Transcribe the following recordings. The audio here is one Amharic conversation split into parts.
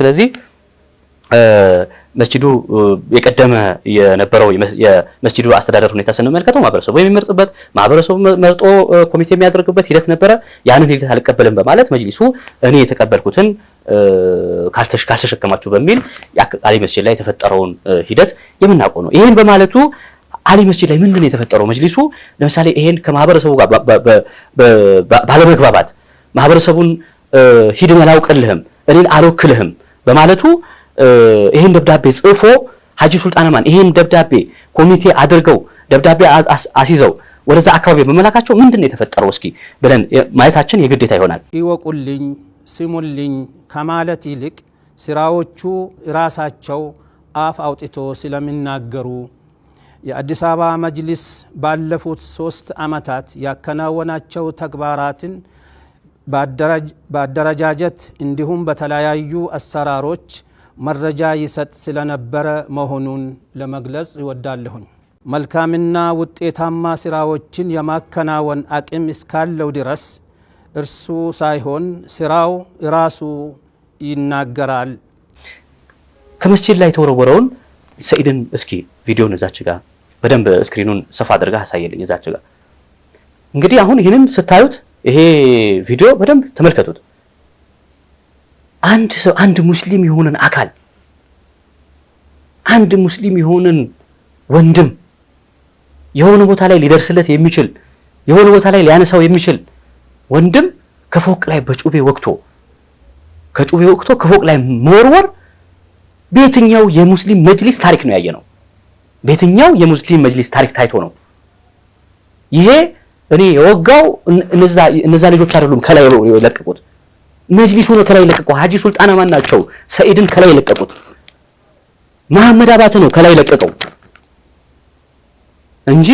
ስለዚህ መስጂዱ የቀደመ የነበረው የመስጂዱ አስተዳደር ሁኔታ ስንመለከተው ማህበረሰቡ የሚመርጥበት ማህበረሰቡ መርጦ ኮሚቴ የሚያደርግበት ሂደት ነበረ። ያንን ሂደት አልቀበልም በማለት መጅሊሱ እኔ የተቀበልኩትን ካልተሸከማችሁ በሚል አሊ መስጂድ ላይ የተፈጠረውን ሂደት የምናውቀው ነው። ይህን በማለቱ አሊ መስጂድ ላይ ምንድን ነው የተፈጠረው? መጅሊሱ ለምሳሌ ይሄን ከማህበረሰቡ ጋር ባለመግባባት ማህበረሰቡን ሂድን አላውቅልህም እኔን አልወክልህም በማለቱ ይህን ደብዳቤ ጽፎ ሀጂ ሱልጣን ማን ይህን ደብዳቤ ኮሚቴ አድርገው ደብዳቤ አስይዘው ወደዛ አካባቢ በመላካቸው ምንድን ነው የተፈጠረው እስኪ ብለን ማየታችን የግዴታ ይሆናል። ይወቁልኝ፣ ስሙልኝ ከማለት ይልቅ ስራዎቹ ራሳቸው አፍ አውጥቶ ስለሚናገሩ የአዲስ አበባ መጅሊስ ባለፉት ሶስት ዓመታት ያከናወናቸው ተግባራትን በአደረጃጀት እንዲሁም በተለያዩ አሰራሮች መረጃ ይሰጥ ስለነበረ መሆኑን ለመግለጽ እወዳለሁኝ። መልካምና ውጤታማ ስራዎችን የማከናወን አቅም እስካለው ድረስ እርሱ ሳይሆን ስራው ራሱ ይናገራል። ከመስጂድ ላይ የተወረወረውን ሰኢድን እስኪ ቪዲዮን እዛች ጋር በደንብ ስክሪኑን ሰፋ አድርጋ አሳየልኝ። እዛች ጋር እንግዲህ አሁን ይህንን ስታዩት ይሄ ቪዲዮ በደንብ ተመልከቱት። አንድ ሰው አንድ ሙስሊም የሆነን አካል አንድ ሙስሊም የሆነን ወንድም የሆነ ቦታ ላይ ሊደርስለት የሚችል የሆነ ቦታ ላይ ሊያነሳው የሚችል ወንድም ከፎቅ ላይ በጩቤ ወቅቶ ከጩቤ ወቅቶ ከፎቅ ላይ መወርወር በየትኛው የሙስሊም መጅሊስ ታሪክ ነው ያየ ነው? በየትኛው የሙስሊም መጅሊስ ታሪክ ታይቶ ነው ይሄ እኔ የወጋው እነዛ ልጆች አይደሉም። ከላይ ነው የለቀቁት። መጅሊስ ሆኖ ከላይ ለቀቁ። ሀጂ ሱልጣና ማን ናቸው? ሰኢድን ከላይ የለቀቁት። መሐመድ አባተ ነው ከላይ ለቀቀው እንጂ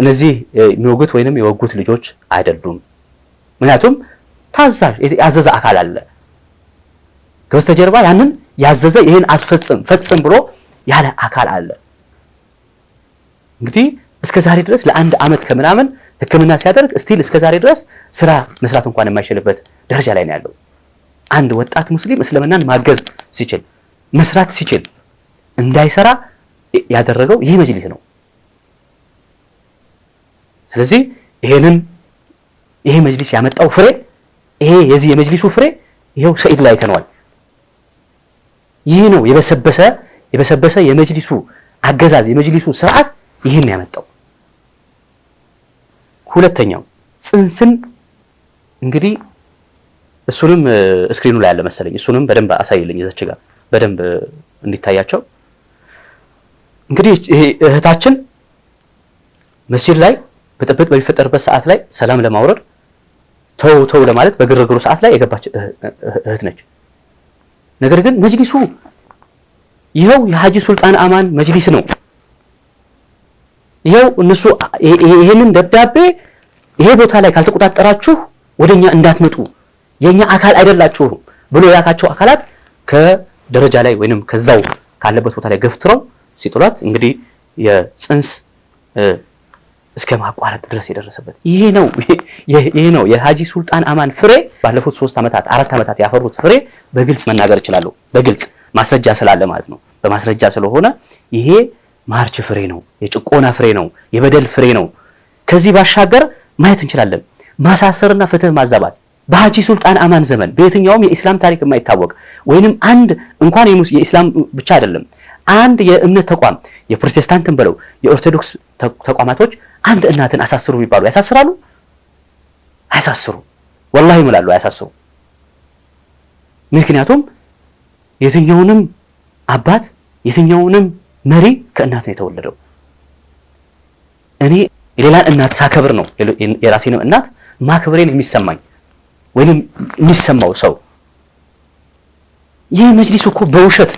እነዚህ የሚወጉት ወይንም የወጉት ልጆች አይደሉም። ምክንያቱም ታዛዥ ያዘዘ አካል አለ ከበስተጀርባ ያንን ያዘዘ ይሄን አስፈጽም ፈጽም ብሎ ያለ አካል አለ እንግዲህ እስከ ዛሬ ድረስ ለአንድ አመት ከምናምን ህክምና ሲያደርግ ስቲል እስከ ዛሬ ድረስ ስራ መስራት እንኳን የማይችልበት ደረጃ ላይ ነው ያለው። አንድ ወጣት ሙስሊም እስልምናን ማገዝ ሲችል መስራት ሲችል እንዳይሰራ ያደረገው ይህ መጅሊስ ነው። ስለዚህ ይሄንን ይሄ መጅሊስ ያመጣው ፍሬ ይሄ የዚህ የመጅሊሱ ፍሬ ይሄው ሰኢድ ላይ አይተነዋል። ይህ ነው የበሰበሰ የበሰበሰ የመጅሊሱ አገዛዝ የመጅሊሱ ስርዓት ይህን ያመጣው። ሁለተኛው ጽንስን እንግዲህ እሱንም እስክሪኑ ላይ ያለ መሰለኝ እሱንም በደንብ አሳይልኝ እዛች ጋር በደንብ እንዲታያቸው እንግዲህ ይሄ እህታችን መስጂድ ላይ ብጥብጥ በሚፈጠርበት ሰዓት ላይ ሰላም ለማውረድ ተው ተው ለማለት በግርግሩ ሰዓት ላይ የገባች እህት ነች። ነገር ግን መጅሊሱ ይኸው የሀጂ ሱልጣን አማን መጅሊስ ነው። ይኸው እነሱ ይሄንን ደብዳቤ ይሄ ቦታ ላይ ካልተቆጣጠራችሁ ወደኛ እንዳትመጡ የኛ አካል አይደላችሁም ብሎ ያካቸው አካላት ከደረጃ ላይ ወይንም ከዛው ካለበት ቦታ ላይ ገፍትረው ሲጥሏት እንግዲህ የጽንስ እስከ ማቋረጥ ድረስ የደረሰበት ይሄ ነው። ይሄ ነው የሀጂ ሱልጣን አማን ፍሬ። ባለፉት ሶስት ዓመታት አራት ዓመታት ያፈሩት ፍሬ በግልጽ መናገር እችላለሁ። በግልጽ ማስረጃ ስላለ ማለት ነው። በማስረጃ ስለሆነ ይሄ ማርች ፍሬ ነው፣ የጭቆና ፍሬ ነው፣ የበደል ፍሬ ነው። ከዚህ ባሻገር ማየት እንችላለን ማሳሰርና ፍትህ ማዛባት በሀጂ ሱልጣን አማን ዘመን በየትኛውም የኢስላም ታሪክ የማይታወቅ ወይንም አንድ እንኳን የኢስላም ብቻ አይደለም አንድ የእምነት ተቋም የፕሮቴስታንትን ብለው የኦርቶዶክስ ተቋማቶች አንድ እናትን አሳስሩ የሚባሉ ያሳስራሉ? አያሳስሩ። ወላሂ ይምላሉ፣ አያሳስሩ። ምክንያቱም የትኛውንም አባት የትኛውንም መሪ ከእናት ነው የተወለደው። እኔ የሌላን እናት ሳከብር ነው የራሴንም እናት ማክብሬን የሚሰማኝ ወይንም የሚሰማው ሰው። ይህ መጅሊስ እኮ በውሸት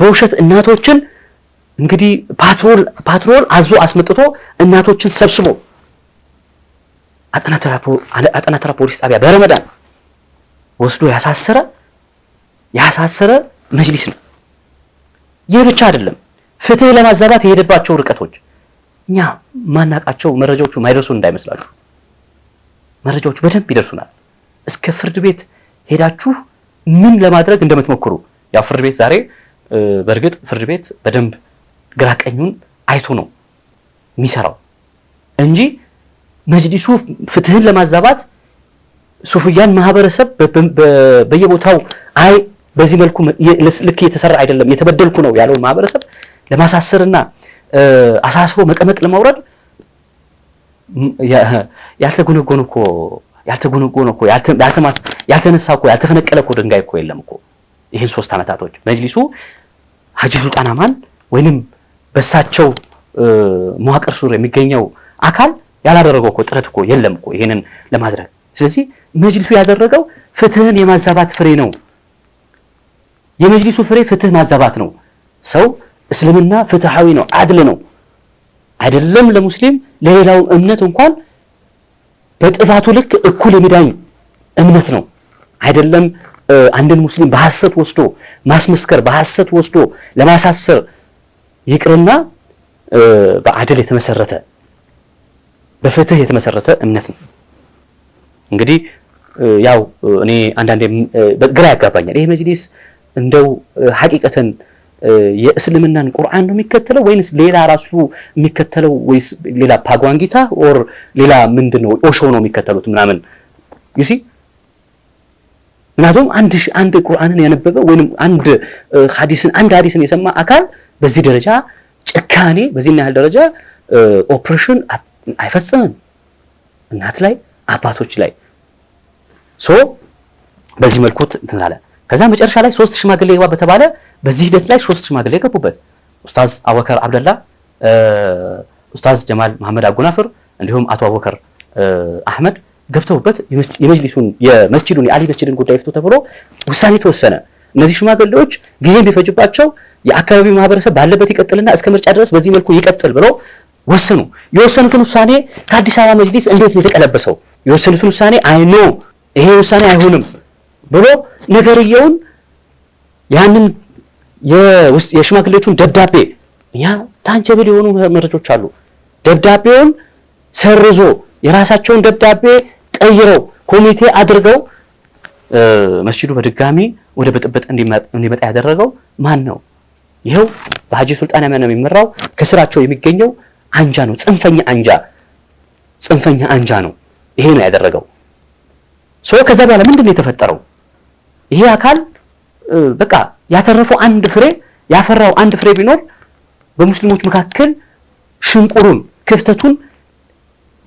በውሸት እናቶችን እንግዲህ ፓትሮል ፓትሮል አዞ አስመጥቶ እናቶችን ሰብስቦ አጠና ፖሊስ ጣቢያ በረመዳን ወስዶ ያሳሰረ ያሳሰረ መጅሊስ ነው። ይህ ብቻ አይደለም። ፍትህ ለማዛባት የሄደባቸው ርቀቶች እኛ ማናቃቸው መረጃዎቹ ማይደርሱ እንዳይመስላችሁ። መረጃዎቹ በደንብ ይደርሱናል። እስከ ፍርድ ቤት ሄዳችሁ ምን ለማድረግ እንደምትሞክሩ ያው ፍርድ ቤት ዛሬ በእርግጥ ፍርድ ቤት በደንብ ግራቀኙን አይቶ ነው የሚሰራው እንጂ መጅሊሱ ፍትህን ለማዛባት ሱፍያን ማህበረሰብ በየቦታው አይ በዚህ መልኩ ልክ እየተሰራ አይደለም የተበደልኩ ነው ያለውን ማህበረሰብ ለማሳሰርና አሳስቦ መቀመቅ ለማውረድ ያልተጎነጎነ ያልተጎነጎነ እኮ ያልተነሳ እኮ ያልተፈነቀለ እኮ ድንጋይ እኮ የለም እኮ። ይህን ሶስት ዓመታቶች መጅሊሱ ሀጂ ሱልጣን አማን ወይንም በሳቸው መዋቅር ሱር የሚገኘው አካል ያላደረገው እኮ ጥረት እኮ የለም እኮ ይህንን ለማድረግ። ስለዚህ መጅሊሱ ያደረገው ፍትህን የማዛባት ፍሬ ነው። የመጅሊሱ ፍሬ ፍትህ ማዛባት ነው ሰው እስልምና ፍትሃዊ ነው፣ አድል ነው። አይደለም ለሙስሊም ለሌላው እምነት እንኳን በጥፋቱ ልክ እኩል የሚዳኝ እምነት ነው። አይደለም አንድን ሙስሊም በሐሰት ወስዶ ማስመስከር፣ በሐሰት ወስዶ ለማሳሰር ይቅርና በአድል የተመሰረተ በፍትህ የተመሰረተ እምነት ነው። እንግዲህ ያው እኔ አንዳንዴ ግራ ያጋባኛል ይሄ መጅሊስ እንደው ሐቂቀተን የእስልምናን ቁርአን ነው የሚከተለው ወይንስ ሌላ ራሱ የሚከተለው ወይስ ሌላ ፓጓንጊታ ኦር ሌላ ምንድን ነው ኦሾ ነው የሚከተሉት ምናምን ይሲ ምናቱም አንድ አንድ ቁርአንን ያነበበ ወይንም አንድ ሐዲስን አንድ ሐዲስን የሰማ አካል በዚህ ደረጃ ጭካኔ በዚህ ያህል ደረጃ ኦፕሬሽን አይፈጽምም እናት ላይ አባቶች ላይ ሶ በዚህ መልኩት እንትን አለ። ከዛ መጨረሻ ላይ ሶስት ሽማግሌ ይግባ በተባለ በዚህ ሂደት ላይ ሶስት ሽማግሌ የገቡበት ኡስታዝ አቡበከር አብደላ፣ ኡስታዝ ጀማል መሐመድ አጎናፍር እንዲሁም አቶ አቡበከር አህመድ ገብተውበት የመጅሊሱን የመስጂዱን የአሊ መስጂድን ጉዳይ ፍቱ ተብሎ ውሳኔ ተወሰነ። እነዚህ ሽማግሌዎች ጊዜ ቢፈጅባቸው የአካባቢው ማህበረሰብ ባለበት ይቀጥልና እስከ ምርጫ ድረስ በዚህ መልኩ ይቀጥል ብለው ወሰኑ። የወሰኑትን ውሳኔ ከአዲስ አበባ መጅሊስ እንዴት የተቀለበሰው? የወሰኑትን ውሳኔ አይኖ ይሄ ውሳኔ አይሆንም ብሎ ነገርየውን ያንን የሽማግሌዎቹን ደብዳቤ እኛ ታንጀብል የሆኑ መረጃዎች አሉ። ደብዳቤውን ሰርዞ የራሳቸውን ደብዳቤ ቀይረው ኮሚቴ አድርገው መስጂዱ በድጋሚ ወደ ብጥብጥ እንዲመጣ ያደረገው ማን ነው? ይኸው በሀጂ ሱልጣን ያመነ የሚመራው ከስራቸው የሚገኘው አንጃ ነው። ጽንፈኛ አንጃ ጽንፈኛ አንጃ ነው። ይሄ ነው ያደረገው። ሶ ከዛ በኋላ ምንድን ነው የተፈጠረው? ይሄ አካል በቃ ያተረፈው አንድ ፍሬ ያፈራው አንድ ፍሬ ቢኖር በሙስሊሞች መካከል ሽንቁሩን ክፍተቱን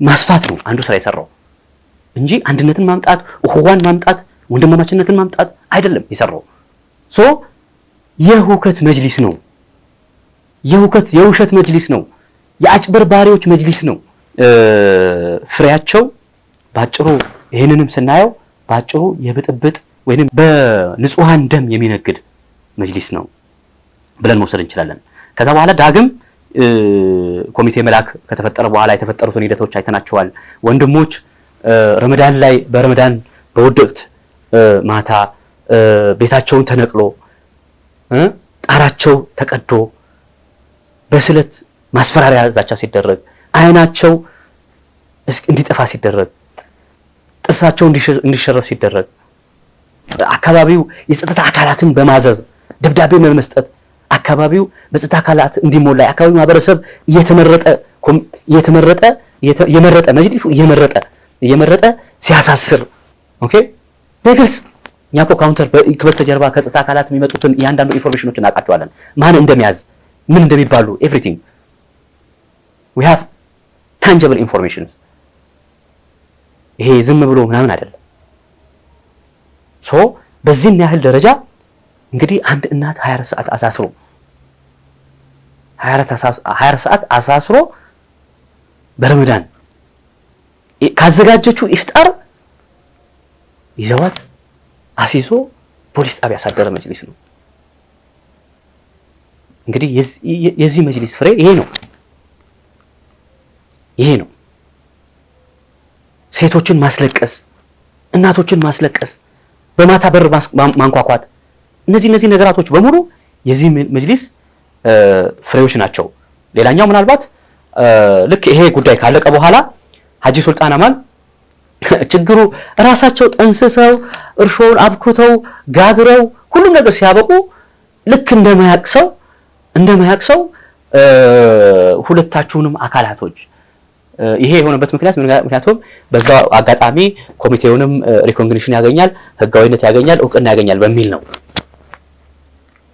ማስፋት ነው አንዱ ስራ የሰራው እንጂ አንድነትን ማምጣት እኹዋን ማምጣት ወንድማማችነትን ማምጣት አይደለም የሰራው። ሶ የሁከት መጅሊስ ነው፣ የሁከት የውሸት መጅሊስ ነው፣ የአጭበርባሪዎች መጅሊስ ነው። ፍሬያቸው ባጭሩ ይህንንም ስናየው ባጭሩ የብጥብጥ ወይንም በንጹሐን ደም የሚነግድ መጅሊስ ነው ብለን መውሰድ እንችላለን። ከዛ በኋላ ዳግም ኮሚቴ መላክ ከተፈጠረ በኋላ የተፈጠሩትን ሂደቶች አይተናቸዋል። ወንድሞች ረመዳን ላይ በረመዳን በወደቅት ማታ ቤታቸውን ተነቅሎ ጣራቸው ተቀዶ በስለት ማስፈራሪያ ዛቻ ሲደረግ አይናቸው እንዲጠፋ ሲደረግ ጥርሳቸው እንዲሸረፍ ሲደረግ አካባቢው የጸጥታ አካላትን በማዘዝ ደብዳቤ በመስጠት አካባቢው በጸጥታ አካላት እንዲሞላ የአካባቢው ማህበረሰብ እየተመረጠ እየተመረጠ የመረጠ መጅሊሱ እየመረጠ እየመረጠ ሲያሳስር ኦኬ በግልጽ እኛ እኮ ካውንተር በስተጀርባ ከጸጥታ አካላት የሚመጡትን እያንዳንዱ ኢንፎርሜሽኖች እናውቃቸዋለን። ማን እንደሚያዝ ምን እንደሚባሉ ኤቭሪቲንግ ዊ ሃቭ ታንጀብል ኢንፎርሜሽን። ይሄ ዝም ብሎ ምናምን አይደለም። በዚህን ያህል ደረጃ እንግዲህ አንድ እናት 24 ሰዓት አሳስሮ 24 ሰዓት አሳስሮ በረመዳን ካዘጋጀችው ኢፍጣር ይዘዋት አሲሶ ፖሊስ ጣቢያ ያሳደረ መጅሊስ ነው። እንግዲህ የዚህ መጅሊስ ፍሬ ይሄ ነው፣ ይሄ ነው። ሴቶችን ማስለቀስ፣ እናቶችን ማስለቀስ በማታ በር ማንኳኳት፣ እነዚህ እነዚህ ነገራቶች በሙሉ የዚህ መጅሊስ ፍሬዎች ናቸው። ሌላኛው ምናልባት ልክ ይሄ ጉዳይ ካለቀ በኋላ ሀጂ ሱልጣን አማል ችግሩ እራሳቸው ጠንስሰው እርሾውን አብኩተው ጋግረው ሁሉም ነገር ሲያበቁ ልክ እንደማያቅሰው እንደማያቅሰው ሁለታችሁንም አካላቶች ይሄ የሆነበት ምክንያት ምክንያቱም በዛው አጋጣሚ ኮሚቴውንም ሪኮግኒሽን ያገኛል፣ ህጋዊነት ያገኛል፣ እውቅና ያገኛል በሚል ነው።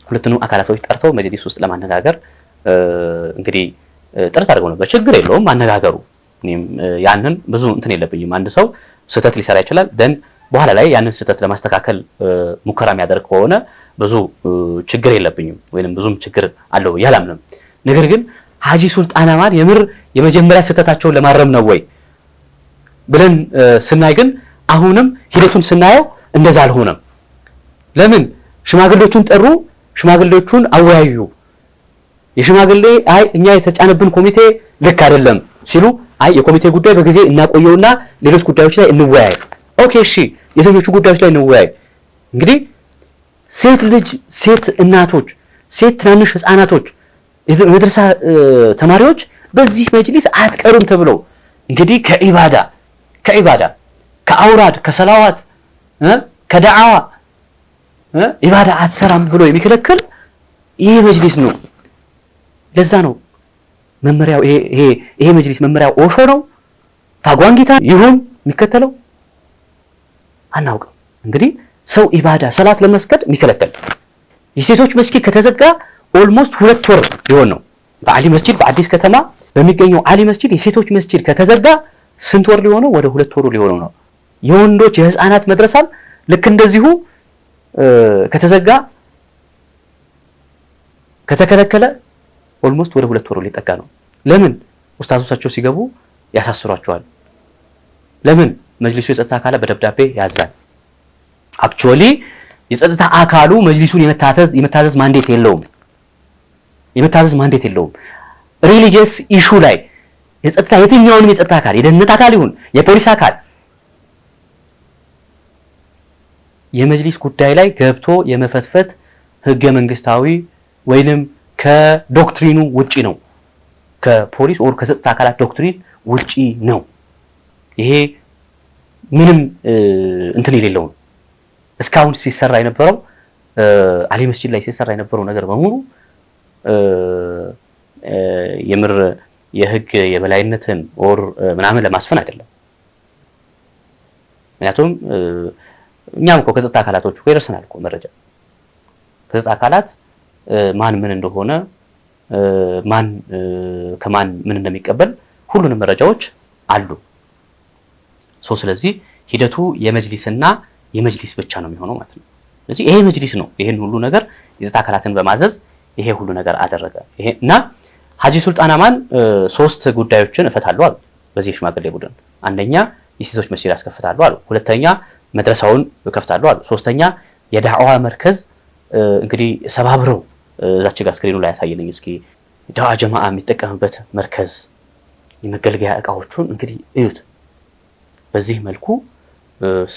ሁለቱንም አካላቶች ጠርተው መጅሊስ ውስጥ ለማነጋገር እንግዲህ ጥረት አድርገው ነበር። ችግር የለውም አነጋገሩ። እኔም ያንን ብዙ እንትን የለብኝም። አንድ ሰው ስህተት ሊሰራ ይችላል። ደን በኋላ ላይ ያንን ስህተት ለማስተካከል ሙከራ የሚያደርግ ከሆነ ብዙ ችግር የለብኝም ወይም ብዙም ችግር አለው ያላምንም። ነገር ግን ሀጂ ሱልጣን አማን የምር የመጀመሪያ ስህተታቸውን ለማረም ነው ወይ ብለን ስናይ ግን አሁንም ሂደቱን ስናየው እንደዛ አልሆነም። ለምን ሽማግሌዎቹን ጠሩ፣ ሽማግሌዎቹን አወያዩ። የሽማግሌ አይ እኛ የተጫነብን ኮሚቴ ልክ አይደለም ሲሉ አይ የኮሚቴ ጉዳይ በጊዜ እናቆየውና ሌሎች ጉዳዮች ላይ እንወያይ። ኦኬ እሺ፣ የትኞቹ ጉዳዮች ላይ እንወያይ? እንግዲህ ሴት ልጅ፣ ሴት እናቶች፣ ሴት ትናንሽ ህፃናቶች፣ የመድረሳ ተማሪዎች በዚህ መጅሊስ አትቀሩም ተብለው እንግዲህ ከኢባዳ ከኢባዳ ከአውራድ ከሰላዋት ከደዓዋ ኢባዳ አትሰራም ብሎ የሚከለክል ይሄ መጅሊስ ነው። ለዛ ነው መመሪያው ይሄ ይሄ መጅሊስ መመሪያው ኦሾ ነው ታጓንጊታ ይሁን የሚከተለው አናውቅም። እንግዲህ ሰው ኢባዳ ሰላት ለመስገድ የሚከለከል የሴቶች መስጊድ ከተዘጋ ኦልሞስት ሁለት ወር ይሆን ነው። በአሊ መስጂድ በአዲስ ከተማ በሚገኘው አሊ መስጂድ የሴቶች መስጂድ ከተዘጋ ስንት ወር ሊሆነው ወደ ሁለት ወሩ ሊሆነው ነው። የወንዶች የህፃናት መድረሳም ልክ እንደዚሁ ከተዘጋ ከተከለከለ ኦልሞስት ወደ ሁለት ወሩ ሊጠጋ ነው። ለምን ኡስታዞቻቸው ሲገቡ ያሳስሯቸዋል? ለምን መጅሊሱ የጸጥታ አካለ በደብዳቤ ያዛል? አክቹዋሊ የጸጥታ አካሉ መጅሊሱን የመታዘዝ ማንዴት የለውም። የመታዘዝ ማንዴት የለውም። ሪሊጂየስ ኢሹ ላይ የጸጥታ የትኛውንም የጸጥታ አካል የደህንነት አካል ይሁን የፖሊስ አካል የመጅሊስ ጉዳይ ላይ ገብቶ የመፈትፈት ህገ መንግስታዊ ወይንም ከዶክትሪኑ ውጪ ነው። ከፖሊስ ኦር ከጸጥታ አካላት ዶክትሪን ውጪ ነው። ይሄ ምንም እንትን የሌለው ነው። እስካሁን ሲሰራ የነበረው አሊ መስጂድ ላይ ሲሰራ የነበረው ነገር በሙሉ የምር የህግ የበላይነትን ኦር ምናምን ለማስፈን አይደለም። ምክንያቱም እኛም እኮ ከጸጥታ አካላቶች ይደርሰናል እኮ መረጃ ከጸጥታ አካላት ማን ምን እንደሆነ ማን ከማን ምን እንደሚቀበል ሁሉንም መረጃዎች አሉ። ሶ ስለዚህ ሂደቱ የመጅሊስና የመጅሊስ ብቻ ነው የሚሆነው ማለት ነው። ስለዚህ ይሄ መጅሊስ ነው ይሄን ሁሉ ነገር የጸጥታ አካላትን በማዘዝ ይሄ ሁሉ ነገር አደረገ። ይሄ እና ሀጂ ሱልጣን አማን ሶስት ጉዳዮችን እፈታሉ አሉ በዚህ ሽማግሌ ቡድን። አንደኛ የሴቶች መስጂድ ያስከፍታሉ አሉ። ሁለተኛ መድረሳውን ይከፍታሉ አሉ። ሶስተኛ የዳዕዋ መርከዝ እንግዲህ ሰባብረው እዛች ጋር ስክሪኑ ላይ ያሳየልኝ እስኪ ዳዕዋ ጀማዓ የሚጠቀምበት መርከዝ የመገልገያ እቃዎቹን እንግዲህ እዩት። በዚህ መልኩ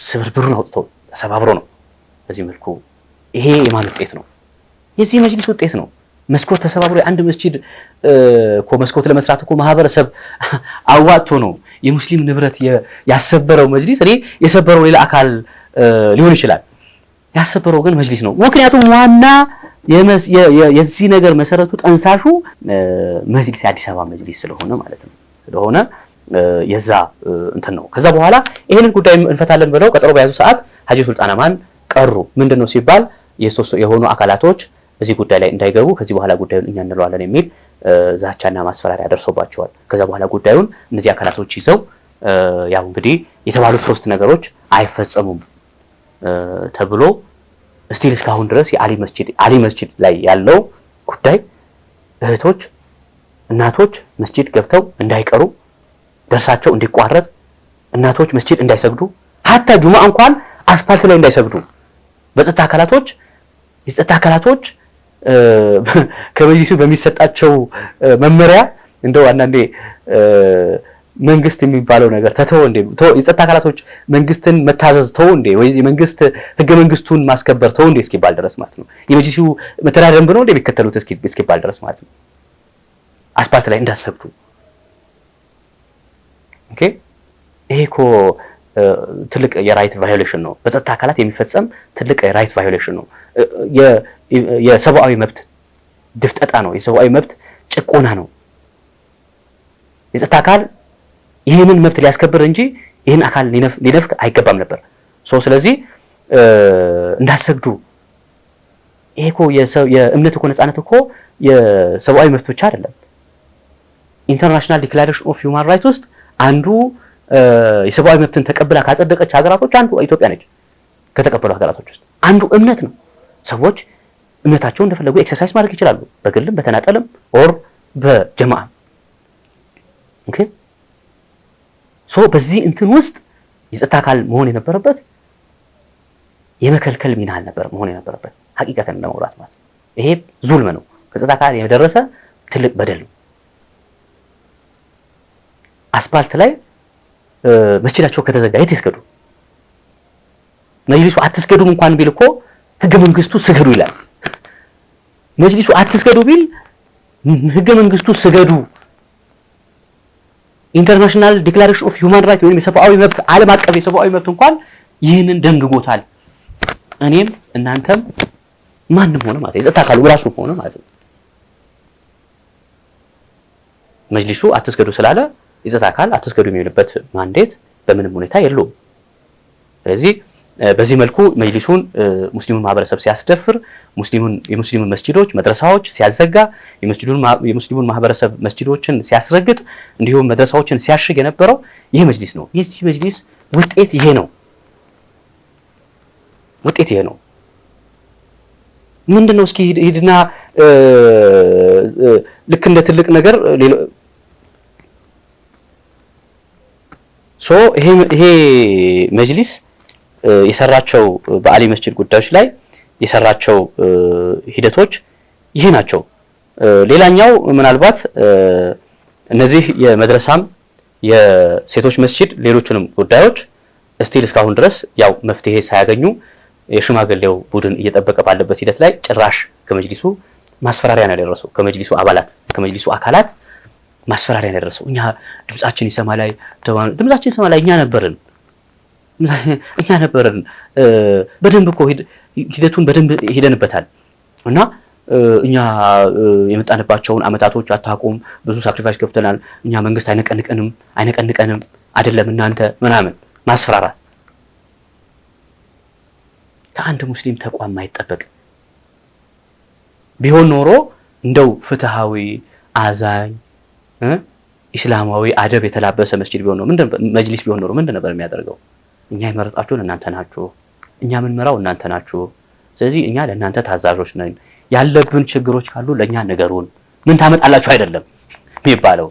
ስብርብሩን አውጥቶ ሰባብሮ ነው በዚህ መልኩ ይሄ የማን ውጤት ነው? የዚህ መጅሊስ ውጤት ነው። መስኮት ተሰባብሮ የአንድ መስጂድ እኮ መስኮት ለመስራት እኮ ማህበረሰብ አዋጥቶ ነው የሙስሊም ንብረት ያሰበረው መጅሊስ። እኔ የሰበረው ሌላ አካል ሊሆን ይችላል፣ ያሰበረው ግን መጅሊስ ነው። ምክንያቱም ዋና የዚህ ነገር መሰረቱ ጠንሳሹ መጅሊስ የአዲስ አበባ መጅሊስ ስለሆነ ማለት ነው ስለሆነ የዛ እንትን ነው። ከዛ በኋላ ይሄንን ጉዳይ እንፈታለን ብለው ቀጠሮ በያዙ ሰዓት ሀጂ ሱልጣን አማን ቀሩ። ምንድን ነው ሲባል የሆኑ አካላቶች እዚህ ጉዳይ ላይ እንዳይገቡ ከዚህ በኋላ ጉዳዩን እኛ እንለዋለን የሚል ዛቻና ማስፈራሪያ ደርሶባቸዋል። ከዚያ በኋላ ጉዳዩን እነዚህ አካላቶች ይዘው ያው እንግዲህ የተባሉት ሶስት ነገሮች አይፈጸሙም ተብሎ ስቲል እስካሁን ድረስ የአሊ መስጂድ አሊ መስጂድ ላይ ያለው ጉዳይ እህቶች፣ እናቶች መስጂድ ገብተው እንዳይቀሩ ደርሳቸው እንዲቋረጥ እናቶች መስጂድ እንዳይሰግዱ ሀታ ጁማ እንኳን አስፓልት ላይ እንዳይሰግዱ በጸጥታ አካላቶች የጸጥታ አካላቶች ከመጅሊሱ በሚሰጣቸው መመሪያ እንደው አንዳንዴ መንግስት የሚባለው ነገር ተተወ እንዴ? የጸጥታ አካላቶች መንግስትን መታዘዝ ተው እንዴ? ወይ መንግስት ህገ መንግስቱን ማስከበር ተው እንዴ? እስኪባል ድረስ ማለት ነው። የመጅሊሱ መተዳደሪያ ደንብ ነው እንዴ የሚከተሉት? እስኪባል ድረስ ማለት ነው። አስፓልት ላይ እንዳሰብዱ ኦኬ። ይሄ እኮ ትልቅ የራይት ቫዮሌሽን ነው። በጸጥታ አካላት የሚፈጸም ትልቅ የራይት ቫዮሌሽን ነው። የሰብአዊ መብት ድፍጠጣ ነው። የሰብአዊ መብት ጭቆና ነው። የጸጥታ አካል ይህንን መብት ሊያስከብር እንጂ ይህን አካል ሊነፍግ አይገባም ነበር። ስለዚህ እንዳሰግዱ ይሄ እኮ የእምነት እኮ ነፃነት እኮ የሰብአዊ መብት ብቻ አይደለም። ኢንተርናሽናል ዲክላሬሽን ኦፍ ሂውማን ራይት ውስጥ አንዱ የሰብአዊ መብትን ተቀብላ ካጸደቀች ሀገራቶች አንዱ ኢትዮጵያ ነች። ከተቀበሉ ሀገራቶች ውስጥ አንዱ እምነት ነው። ሰዎች እምነታቸውን እንደፈለጉ ኤክሰርሳይዝ ማድረግ ይችላሉ፣ በግልም በተናጠልም ኦር በጀማ ኦኬ። ሶ በዚህ እንትን ውስጥ የጸጥታ አካል መሆን የነበረበት የመከልከል ሚና አልነበር መሆን የነበረበት ሀቂቀትን ለመውራት ማለት ይሄ ዙልም ነው። ከጸጥታ አካል የደረሰ ትልቅ በደል ነው። አስፓልት ላይ መስጂዳቸው ከተዘጋ የት ይስገዱ? መጅሊሱ አትስገዱም እንኳን ቢል እኮ ህገ መንግስቱ ስገዱ ይላል። መጅሊሱ አትስገዱ ቢል ህገ መንግስቱ ስገዱ፣ ኢንተርናሽናል ዲክላሬሽን ኦፍ ሂውማን ራይት ወይም የሰብአዊ መብት ዓለም አቀፍ የሰብአዊ መብት እንኳን ይህንን ደንግጎታል። እኔም እናንተም ማንም ሆነ ማለት የጸጥታ አካሉ ራሱ ሆነ ማለት ነው። መጅሊሱ አትስገዱ ስላለ የጸጥታ አካል አትስገዱ የሚልበት ማንዴት በምንም ሁኔታ የለውም። ስለዚህ በዚህ መልኩ መጅሊሱን ሙስሊሙን ማህበረሰብ ሲያስደፍር ሙስሊሙን የሙስሊሙን መስጂዶች መድረሳዎች ሲያዘጋ የሙስሊሙን ማህበረሰብ መስጂዶችን ሲያስረግጥ እንዲሁም መድረሳዎችን ሲያሽግ የነበረው ይህ መጅሊስ ነው። የዚህ መጅሊስ ውጤት ይሄ ነው። ውጤት ይሄ ነው። ምንድን ነው? እስኪ ሂድና ልክ እንደ ትልቅ ነገር ሶ ይሄ መጅሊስ የሰራቸው በአሊ መስጅድ ጉዳዮች ላይ የሰራቸው ሂደቶች ይህ ናቸው። ሌላኛው ምናልባት እነዚህ የመድረሳም የሴቶች መስጅድ ሌሎቹንም ጉዳዮች እስቲል እስካሁን ድረስ ያው መፍትሄ ሳያገኙ የሽማግሌው ቡድን እየጠበቀ ባለበት ሂደት ላይ ጭራሽ ከመጅሊሱ ማስፈራሪያ ነው ያደረሰው። ከመጅሊሱ አባላት ከመጅሊሱ አካላት ማስፈራሪያ ያደረሰው። እኛ ድምጻችን ይሰማ ላይ ድምጻችን ይሰማ ላይ እኛ ነበርን እኛ ነበርን። በደንብ እኮ ሂደቱን በደንብ ሄደንበታል እና እኛ የመጣንባቸውን አመታቶች አታውቁም። ብዙ ሳክሪፋይስ ገብተናል። እኛ መንግስት አይነቀንቀንም አይነቀንቀንም አይደለም እናንተ ምናምን ማስፈራራት ከአንድ ሙስሊም ተቋም አይጠበቅ ቢሆን ኖሮ እንደው ፍትሃዊ አዛኝ ኢስላማዊ አደብ የተላበሰ መስጂድ ቢሆን ኖሮ መጅሊስ ቢሆን ኖሮ ምንድን ነበር የሚያደርገው? እኛ የመረጣችሁን እናንተ ናችሁ፣ እኛ የምንመራው እናንተ ናችሁ። ስለዚህ እኛ ለእናንተ ታዛዦች ነን። ያለብን ችግሮች ካሉ ለእኛ ንገሩን። ምን ታመጣላችሁ አይደለም የሚባለው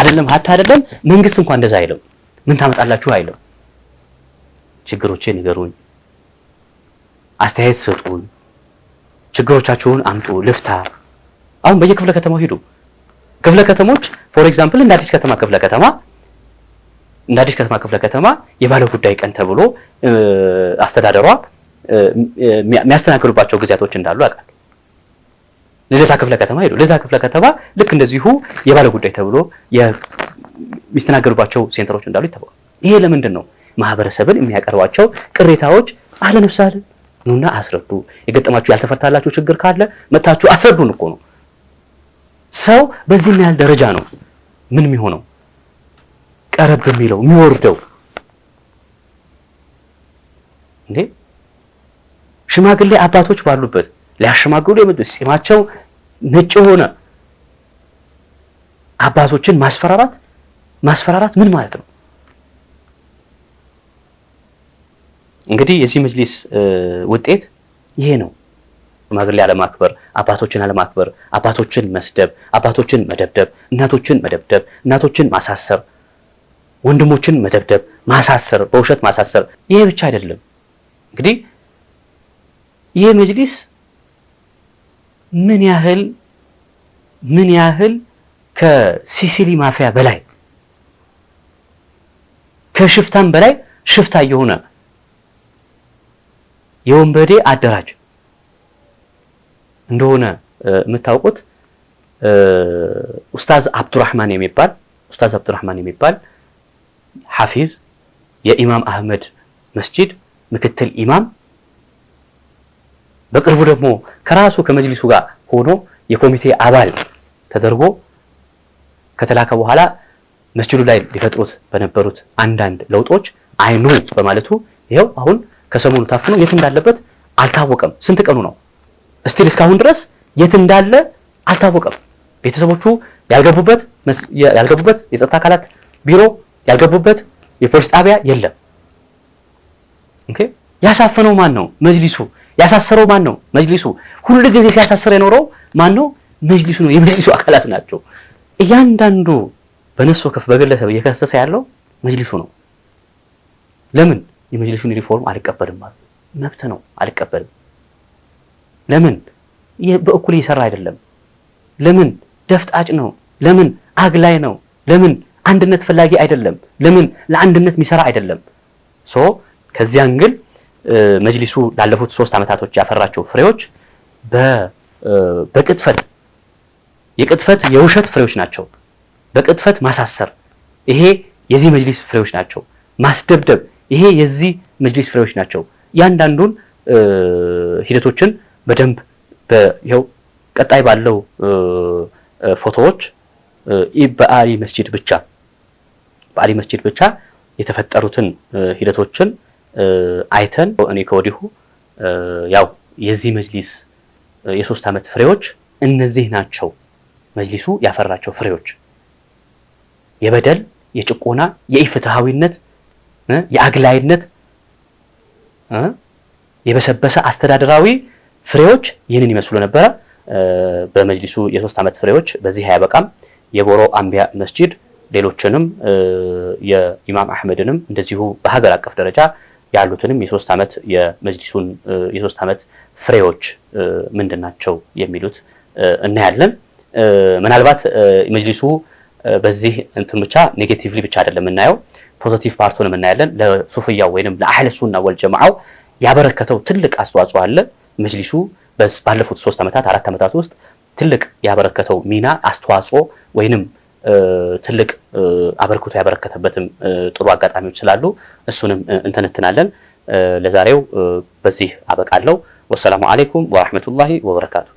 አይደለም ሀታ አይደለም መንግስት እንኳን እንደዛ አይልም። ምን ታመጣላችሁ አይልም። ችግሮቼ ንገሩኝ፣ አስተያየት ስጡኝ፣ ችግሮቻችሁን አምጡ ልፍታ። አሁን በየክፍለ ከተማው ሂዱ። ክፍለ ከተሞች ፎር ኤግዛምፕል እንደ አዲስ ከተማ ክፍለ ከተማ እንደ አዲስ ከተማ ክፍለ ከተማ የባለ ጉዳይ ቀን ተብሎ አስተዳደሯ የሚያስተናግዱባቸው ጊዜያቶች እንዳሉ ያውቃል። ልደታ ክፍለ ከተማ ሄዱ። ልደታ ክፍለ ከተማ ልክ እንደዚሁ የባለ ጉዳይ ተብሎ የሚስተናገዱባቸው ሴንተሮች እንዳሉ ይታወቃል። ይሄ ለምንድን ነው? ማህበረሰብን የሚያቀርባቸው ቅሬታዎች አለንብሳል ኑና አስረዱ። የገጠማችሁ ያልተፈታላችሁ ችግር ካለ መታችሁ አስረዱን እኮ ነው ሰው በዚህ ያህል ደረጃ ነው ምን የሚሆነው ቀረብ የሚለው የሚወርደው። እንዴ ሽማግሌ አባቶች ባሉበት ሊያሸማግሉ የመጡት ጺማቸው ነጭ የሆነ አባቶችን ማስፈራራት ማስፈራራት ምን ማለት ነው? እንግዲህ የዚህ መጅሊስ ውጤት ይሄ ነው። ሽማግሌ አለማክበር፣ አባቶችን አለማክበር፣ አባቶችን መስደብ፣ አባቶችን መደብደብ፣ እናቶችን መደብደብ፣ እናቶችን ማሳሰር፣ ወንድሞችን መደብደብ፣ ማሳሰር፣ በውሸት ማሳሰር። ይሄ ብቻ አይደለም እንግዲህ ይሄ መጅሊስ ምን ያህል ምን ያህል ከሲሲሊ ማፊያ በላይ ከሽፍታም በላይ ሽፍታ የሆነ የወንበዴ አደራጅ እንደሆነ የምታውቁት ኡስታዝ አብዱራህማን የሚባል ኡስታዝ አብዱራህማን የሚባል ሐፊዝ የኢማም አህመድ መስጂድ ምክትል ኢማም በቅርቡ ደግሞ ከራሱ ከመጅሊሱ ጋር ሆኖ የኮሚቴ አባል ተደርጎ ከተላከ በኋላ መስጂዱ ላይ ሊፈጥሩት በነበሩት አንዳንድ ለውጦች አይኑ በማለቱ ይኸው አሁን ከሰሞኑ ታፍኖ የት እንዳለበት አልታወቀም። ስንት ቀኑ ነው? እስቲል እስካሁን ድረስ የት እንዳለ አልታወቀም። ቤተሰቦቹ ያልገቡበት ያልገቡበት የጸጥታ አካላት ቢሮ ያልገቡበት የፖሊስ ጣቢያ የለም። ኦኬ ያሳፈነው ማን ነው? መጅሊሱ። ያሳሰረው ማን ነው? መጅሊሱ። ሁሉ ጊዜ ሲያሳስር የኖረው ማን ነው? መጅሊሱ ነው። የመጅሊሱ አካላት ናቸው። እያንዳንዱ በነሱ ወከፍ በግለሰብ እየከሰሰ ያለው መጅሊሱ ነው። ለምን የመጅሊሱን ሪፎርም አልቀበልም ማለት መብት ነው፣ አልቀበልም ለምን በእኩል እየሰራ አይደለም? ለምን ደፍጣጭ ነው? ለምን አግላይ ነው? ለምን አንድነት ፈላጊ አይደለም? ለምን ለአንድነት የሚሰራ አይደለም? ሶ ከዚያን ግን መጅሊሱ ላለፉት ሶስት ዓመታቶች ያፈራቸው ፍሬዎች በቅጥፈት የቅጥፈት የውሸት ፍሬዎች ናቸው። በቅጥፈት ማሳሰር፣ ይሄ የዚህ መጅሊስ ፍሬዎች ናቸው። ማስደብደብ፣ ይሄ የዚህ መጅሊስ ፍሬዎች ናቸው። እያንዳንዱን ሂደቶችን በደንብ ይኸው ቀጣይ ባለው ፎቶዎች በአሊ መስጂድ ብቻ በአሊ መስጂድ ብቻ የተፈጠሩትን ሂደቶችን አይተን እኔ ከወዲሁ ያው የዚህ መጅሊስ የሶስት ዓመት ፍሬዎች እነዚህ ናቸው። መጅሊሱ ያፈራቸው ፍሬዎች የበደል፣ የጭቆና፣ የኢፍትሃዊነት፣ የአግላይነት የበሰበሰ አስተዳደራዊ ፍሬዎች ይህንን ይመስሉ ነበረ። በመጅሊሱ የሶስት ዓመት ፍሬዎች በዚህ አያበቃም። የጎሮ አንቢያ መስጂድ ሌሎችንም የኢማም አህመድንም እንደዚሁ በሀገር አቀፍ ደረጃ ያሉትንም የሶስት ዓመት የመጅሊሱን የሶስት ዓመት ፍሬዎች ምንድን ናቸው የሚሉት እናያለን። ምናልባት መጅሊሱ በዚህ እንትን ብቻ ኔጌቲቭሊ ብቻ አይደለም የምናየው፣ ፖዘቲቭ ፓርቱንም እናያለን። ለሱፍያው ወይንም ለአህለ ሱና ወልጀማዓው ያበረከተው ትልቅ አስተዋጽኦ አለ። መጅሊሱ ባለፉት ሶስት ዓመታት አራት ዓመታት ውስጥ ትልቅ ያበረከተው ሚና አስተዋጽኦ ወይንም ትልቅ አበርክቶ ያበረከተበትም ጥሩ አጋጣሚዎች ስላሉ እሱንም እንተነትናለን። ለዛሬው በዚህ አበቃለሁ። ወሰላሙ አሌይኩም ወራህመቱላሂ ወበረካቱ።